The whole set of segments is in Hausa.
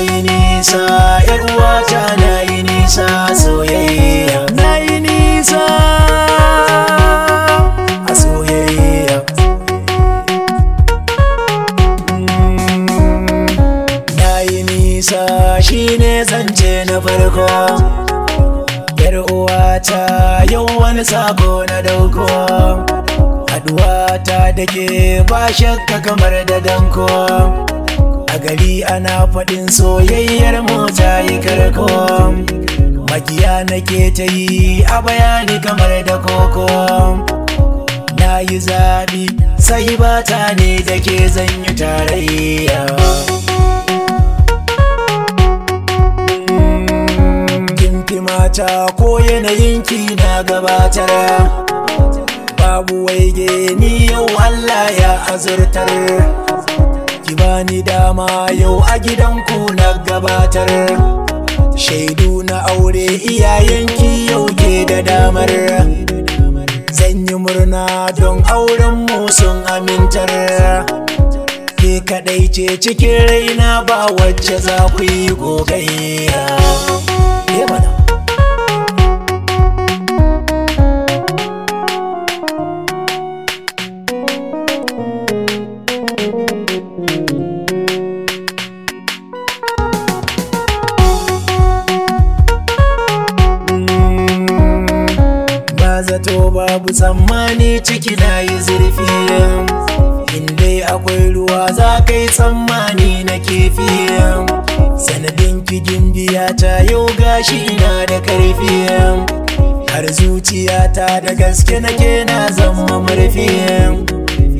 yi nisa yar uwata na yi nisa soyayya na yi nisa a soyayya na yi nisa shine zance na farko yar uwata yau wani sako na dauko Haduwata da dake ba shakka kamar da danko a ana faɗin soyayyar mu ta yi karko magiya nake ta yi a bayani kamar da koko na yi zaɓi sai bata ne da ke zanyi tarayya kimfi mata ko yanayinki na gabatar babu waige ni yau Allah ya azurtar ki bani da dama yau a gidanku na gabatar shaidu na aure iyayenki yau ke da damar zan yi murna don aurenmu sun amintar ke kaɗai ce cikin raina ba wacce za ku yi gogayya ba zato babu tsammani ciki na yi zurfi indai akwai ruwa za ka yi tsammani na kefi sanadin kigin biya ta yau gashi na da karfi har zuciyata da gaske na ke na zama murfi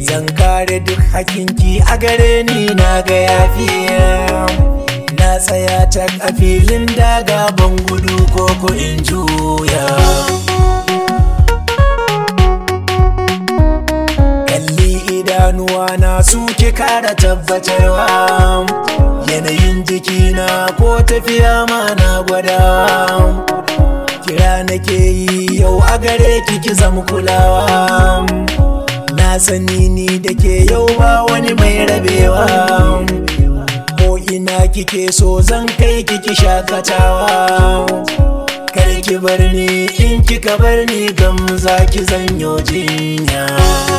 zan kare duk hakinki a gare ni na ga yafi na tsaya ta a filin daga ban gudu ko ko in juya idanuwa na suke kara tabbatarwa yanayin jikina ko tafiya ma na gwadawa kira nake yi yau a gare kiki zama kulawa na sani ni da ke yau ba wani mai rabewa ko ina kike so zan kai kiki shakatawa kar ki bar ni in kika bar ni gam za ki zanyo jinya